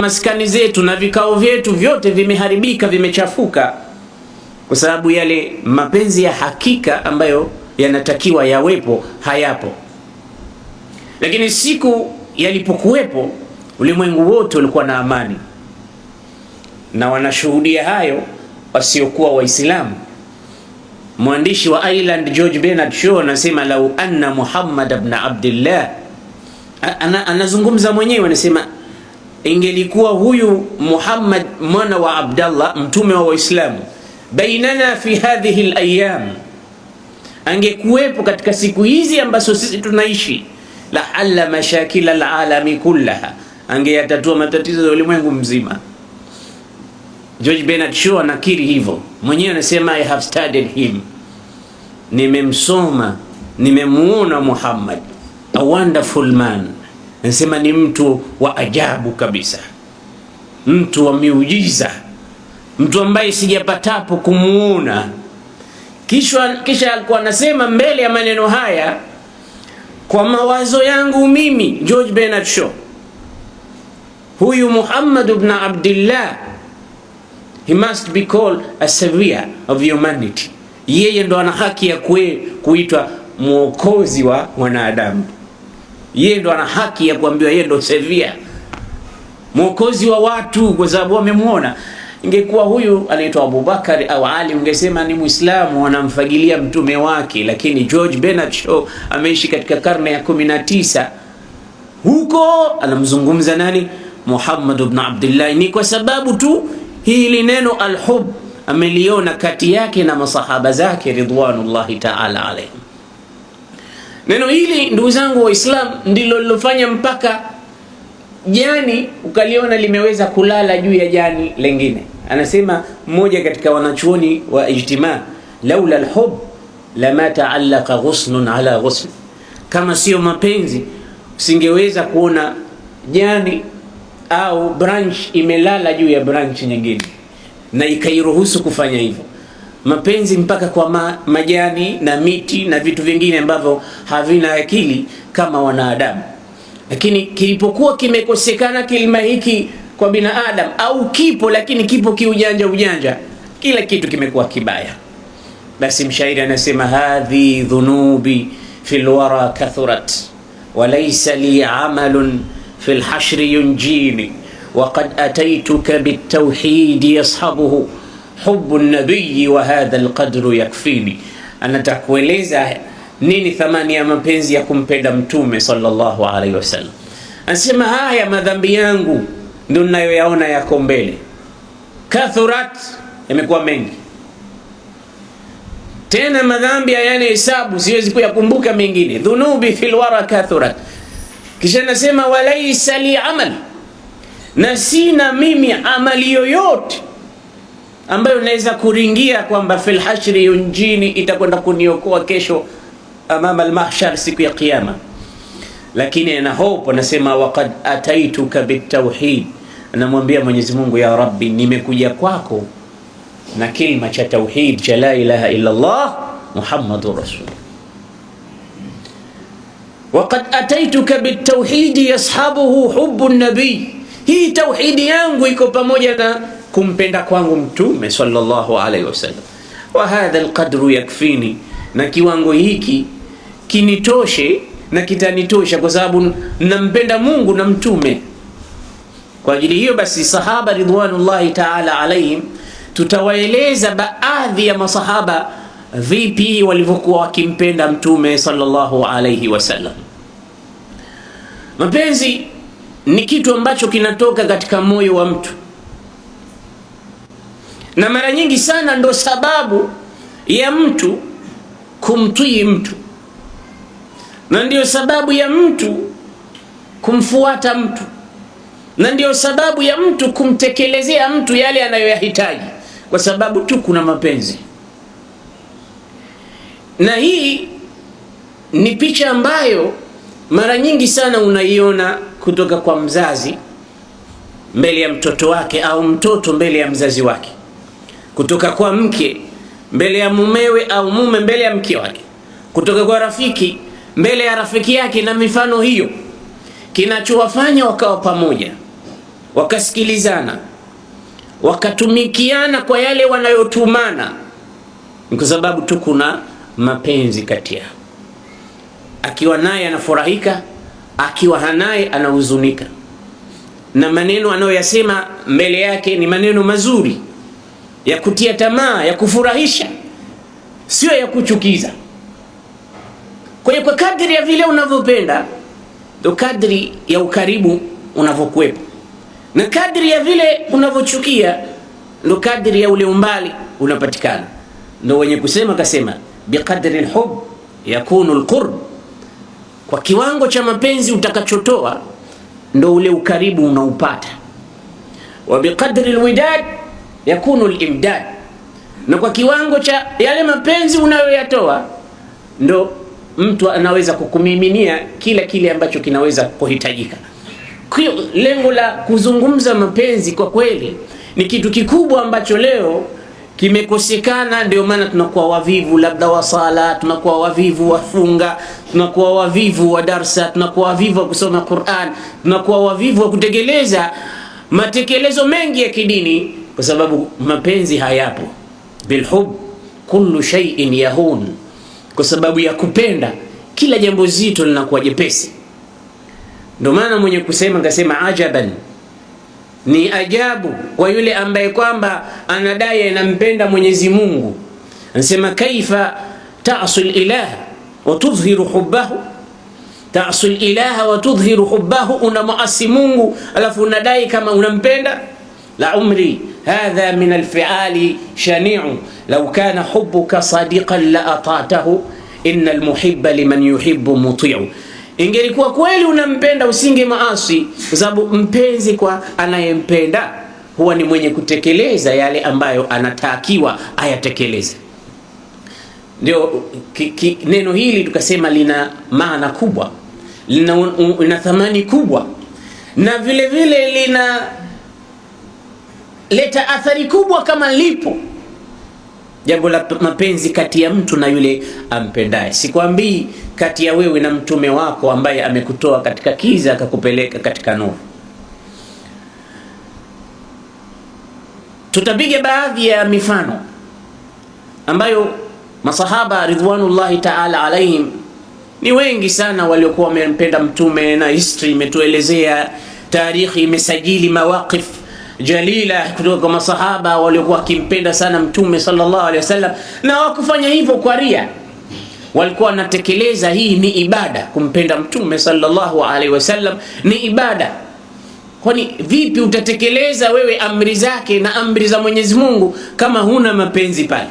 Maskani zetu na vikao vyetu vyote vimeharibika, vimechafuka kwa sababu yale mapenzi ya hakika ambayo yanatakiwa yawepo hayapo. Lakini siku yalipokuwepo, ulimwengu wote ulikuwa na amani, na wanashuhudia hayo wasiokuwa Waislamu. Mwandishi wa Ireland George Bernard Shaw anasema lau anna Muhammad ibn Abdullah, anazungumza mwenyewe, anasema ingelikuwa huyu Muhammad mwana wa Abdallah mtume wa Waislamu bainana fi hadhihi alayam, angekuwepo katika siku hizi ambazo sisi tunaishi, la alla mashakila alalami kullaha, angeyatatua matatizo ya ulimwengu mzima. George Bernard Shaw anakiri hivyo mwenyewe, anasema I have studied him, nimemsoma nimemuona Muhammad, a wonderful man Nasema ni mtu wa ajabu kabisa, mtu wa miujiza, mtu ambaye sijapatapo kumuona. Kisha, kisha alikuwa anasema mbele ya maneno haya, kwa mawazo yangu mimi George Bernard Shaw, huyu Muhammad ibn Abdullah he must be called a savior of humanity, yeye ndo ana haki ya kuitwa mwokozi wa wanadamu yeye ndo ana haki ya kuambiwa yeye ndo sevia mwokozi wa watu, kwa sababu wamemwona. Ingekuwa huyu anaitwa Abubakar au Ali, ungesema ni Muislamu anamfagilia mtume wake, lakini George Bernard Shaw ameishi katika karne ya 19 huko, anamzungumza nani? Muhammad ibn Abdullah. Ni kwa sababu tu hili neno alhub ameliona kati yake na masahaba zake ridwanullahi ta'ala alayhi Neno hili ndugu zangu waislam ndilo lilofanya mpaka jani ukaliona limeweza kulala juu ya jani lengine. Anasema mmoja katika wanachuoni wa ijtima, laula alhub lama taallaka ghusnun ala ghusn, kama sio mapenzi usingeweza kuona jani au branch imelala juu ya branch nyingine na ikairuhusu kufanya hivyo mapenzi mpaka kwa ma, majani na miti na vitu vingine ambavyo havina akili kama wanadamu. Lakini kilipokuwa kimekosekana kilima hiki kwa binadamu, au kipo lakini kipo kiujanja ujanja, kila kitu kimekuwa kibaya. Basi mshairi anasema hadhi dhunubi fil wara kathurat walaysa li amalun fil hashri yunjini wa ataituka ataytuka bitawhid yashabuhu hubu nabii wa hadha lqadru yakfini, anataka kueleza nini thamani ya mapenzi ya kumpenda Mtume sallallahu alaihi wasallam. Anasema haya madhambi yangu ndio nayoyaona yako mbele, kathurat, yamekuwa mengi tena madhambi hayana hesabu, siwezi kuyakumbuka mengine. Dhunubi fi lwara kathurat. Kisha nasema walaisa li amal, na sina mimi amali yoyote ambayo naweza kuringia kwamba fil hashri yunjini itakwenda kuniokoa kesho amama almahshar siku ya kiyama. Lakini ana hope anasema, waqad ataituka bitauhid, anamwambia Mwenyezi Mungu, ya Rabbi, nimekuja kwako na kilma cha tauhid cha la ilaha illa Allah muhammadur rasul. Waqad ataituka bitauhidi yashabuhu hubbu nabii, hii tauhidi yangu iko pamoja na kumpenda kwangu mtume sallallahu alaihi wasallam, wa hadha alqadru yakfini, na kiwango hiki kinitoshe na kitanitosha, kwa sababu nampenda Mungu na mtume. Kwa ajili hiyo basi, sahaba ridwanullahi taala alaihim, tutawaeleza baadhi ya masahaba vipi walivyokuwa wakimpenda mtume sallallahu alaihi wasallam. Mapenzi ni kitu ambacho kinatoka katika moyo wa mtu na mara nyingi sana ndo sababu ya mtu kumtii mtu na ndiyo sababu ya mtu kumfuata mtu na ndiyo sababu ya mtu kumtekelezea mtu yale anayoyahitaji, kwa sababu tu kuna mapenzi. Na hii ni picha ambayo mara nyingi sana unaiona kutoka kwa mzazi mbele ya mtoto wake au mtoto mbele ya mzazi wake kutoka kwa mke mbele ya mumewe au mume mbele ya mke wake, kutoka kwa rafiki mbele ya rafiki yake, na mifano hiyo, kinachowafanya wakawa pamoja, wakasikilizana, wakatumikiana kwa yale wanayotumana, ni kwa sababu tu kuna mapenzi kati yao. Akiwa naye anafurahika, akiwa hanaye anahuzunika, na maneno anayoyasema mbele yake ni maneno mazuri ya kutia tamaa, ya kufurahisha, sio ya kuchukiza. Kwa hiyo kwa kadri ya vile unavyopenda ndo kadri ya ukaribu unavyokuwepo, na kadri ya vile unavyochukia ndo kadri ya ule umbali unapatikana. Ndo wenye kusema kasema, biqadri lhub yakunu lqurb, kwa kiwango cha mapenzi utakachotoa ndo ule ukaribu unaupata, wa biqadri lwidad yakunu limdad na kwa kiwango cha yale mapenzi unayoyatoa ndo mtu anaweza kukumiminia kila kile ambacho kinaweza kuhitajika. Kwa lengo la kuzungumza mapenzi kwa kweli ni kitu kikubwa ambacho leo kimekosekana. Ndio maana tunakuwa wavivu labda wa sala, tunakuwa wavivu wa funga, tunakuwa wavivu wa darsa, tunakuwa wavivu wa kusoma Qur'an, tunakuwa wavivu wa kutekeleza matekelezo mengi ya kidini kwa sababu mapenzi hayapo. Bilhub kullu shay'in yahun, kwa sababu ya kupenda kila jambo zito linakuwa jepesi. Ndio maana mwenye kusema ngasema ajaban ni ajabu kwa yule ambaye kwamba anadai anampenda Mwenyezi Mungu, anasema kaifa ta'sul ilaha wa tudhhiru hubbahu ta'sul ilaha wa tudhhiru hubbahu, muasi Mungu alafu unadai kama unampenda. La umri hadha min alfiali shaniu lau kana hubuka sadiqan la atatahu inna almuhibba liman yuhibbu mutiu, ingelikuwa kweli unampenda usinge maasi, kwa sababu mpenzi kwa anayempenda huwa ni mwenye kutekeleza yale ambayo anatakiwa ayatekeleze. Ndio neno hili tukasema lina maana kubwa, lina thamani kubwa na vile vile lina leta athari kubwa kama lipo jambo la mapenzi kati ya mtu na yule ampendaye. Sikwambii kati ya wewe na mtume wako ambaye amekutoa katika kiza akakupeleka katika nuru. Tutapiga baadhi ya mifano ambayo masahaba ridwanullahi taala alaihim ni wengi sana waliokuwa wamempenda mtume, na history imetuelezea, tarikhi imesajili mawaqif jalila kutoka kwa masahaba waliokuwa wakimpenda sana Mtume sallallahu alaihi wasallam, na wakufanya hivyo kwa ria, walikuwa wanatekeleza. Hii ni ibada, kumpenda Mtume sallallahu alaihi wasallam ni ibada. Kwani vipi utatekeleza wewe amri zake na amri za Mwenyezi Mungu kama huna mapenzi pale?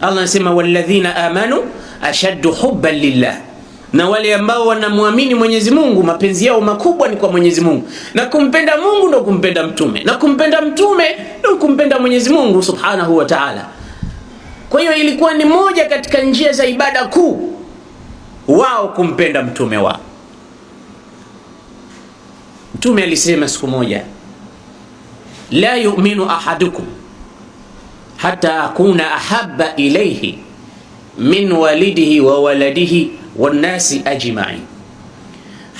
Allah anasema walladhina amanu ashaddu hubban lillah na wale ambao wanamwamini Mwenyezi Mungu mapenzi yao makubwa ni kwa Mwenyezi Mungu, na kumpenda Mungu ndio kumpenda mtume, na kumpenda mtume ndio kumpenda Mwenyezi Mungu Subhanahu wa Ta'ala. Kwa hiyo ilikuwa ni moja katika njia za ibada kuu wao kumpenda mtume wao. Mtume alisema siku moja, la yu'minu ahadukum hata akuna ahabba ilayhi min walidihi wa waladihi wannasi ajmain,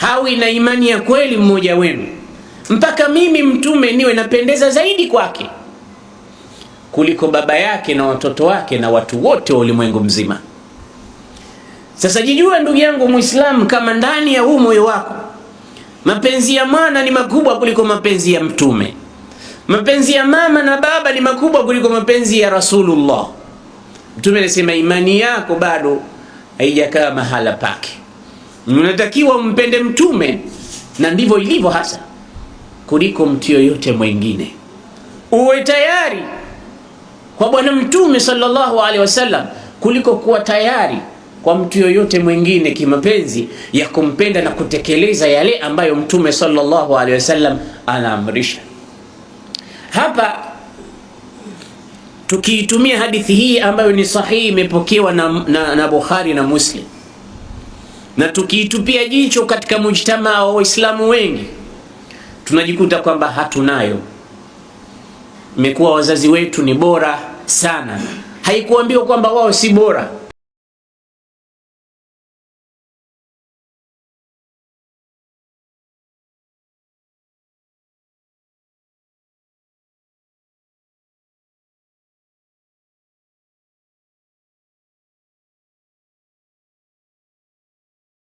hawi na imani ya kweli mmoja wenu mpaka mimi mtume niwe napendeza zaidi kwake kuliko baba yake na watoto wake na watu wote wa ulimwengu mzima. Sasa jijua ndugu yangu Muislamu, kama ndani ya huu moyo wako mapenzi ya mwana ni makubwa kuliko mapenzi ya mtume, mapenzi ya mama na baba ni makubwa kuliko mapenzi ya Rasulullah. Mtume anasema imani yako bado haijakaa mahala pake. Unatakiwa umpende mtume na ndivyo ilivyo hasa kuliko mtu yoyote mwingine. Uwe tayari kwa bwana mtume sallallahu alaihi wasallam kuliko kuwa tayari kwa mtu yoyote mwingine kimapenzi ya kumpenda na kutekeleza yale ambayo mtume sallallahu alaihi wasallam anaamrisha hapa tukiitumia hadithi hii ambayo ni sahihi, imepokewa na, na, na Bukhari na Muslim, na tukiitupia jicho katika mujtamaa wa Waislamu wengi tunajikuta kwamba hatunayo. Imekuwa wazazi wetu ni bora sana, haikuambiwa kwamba wao si bora.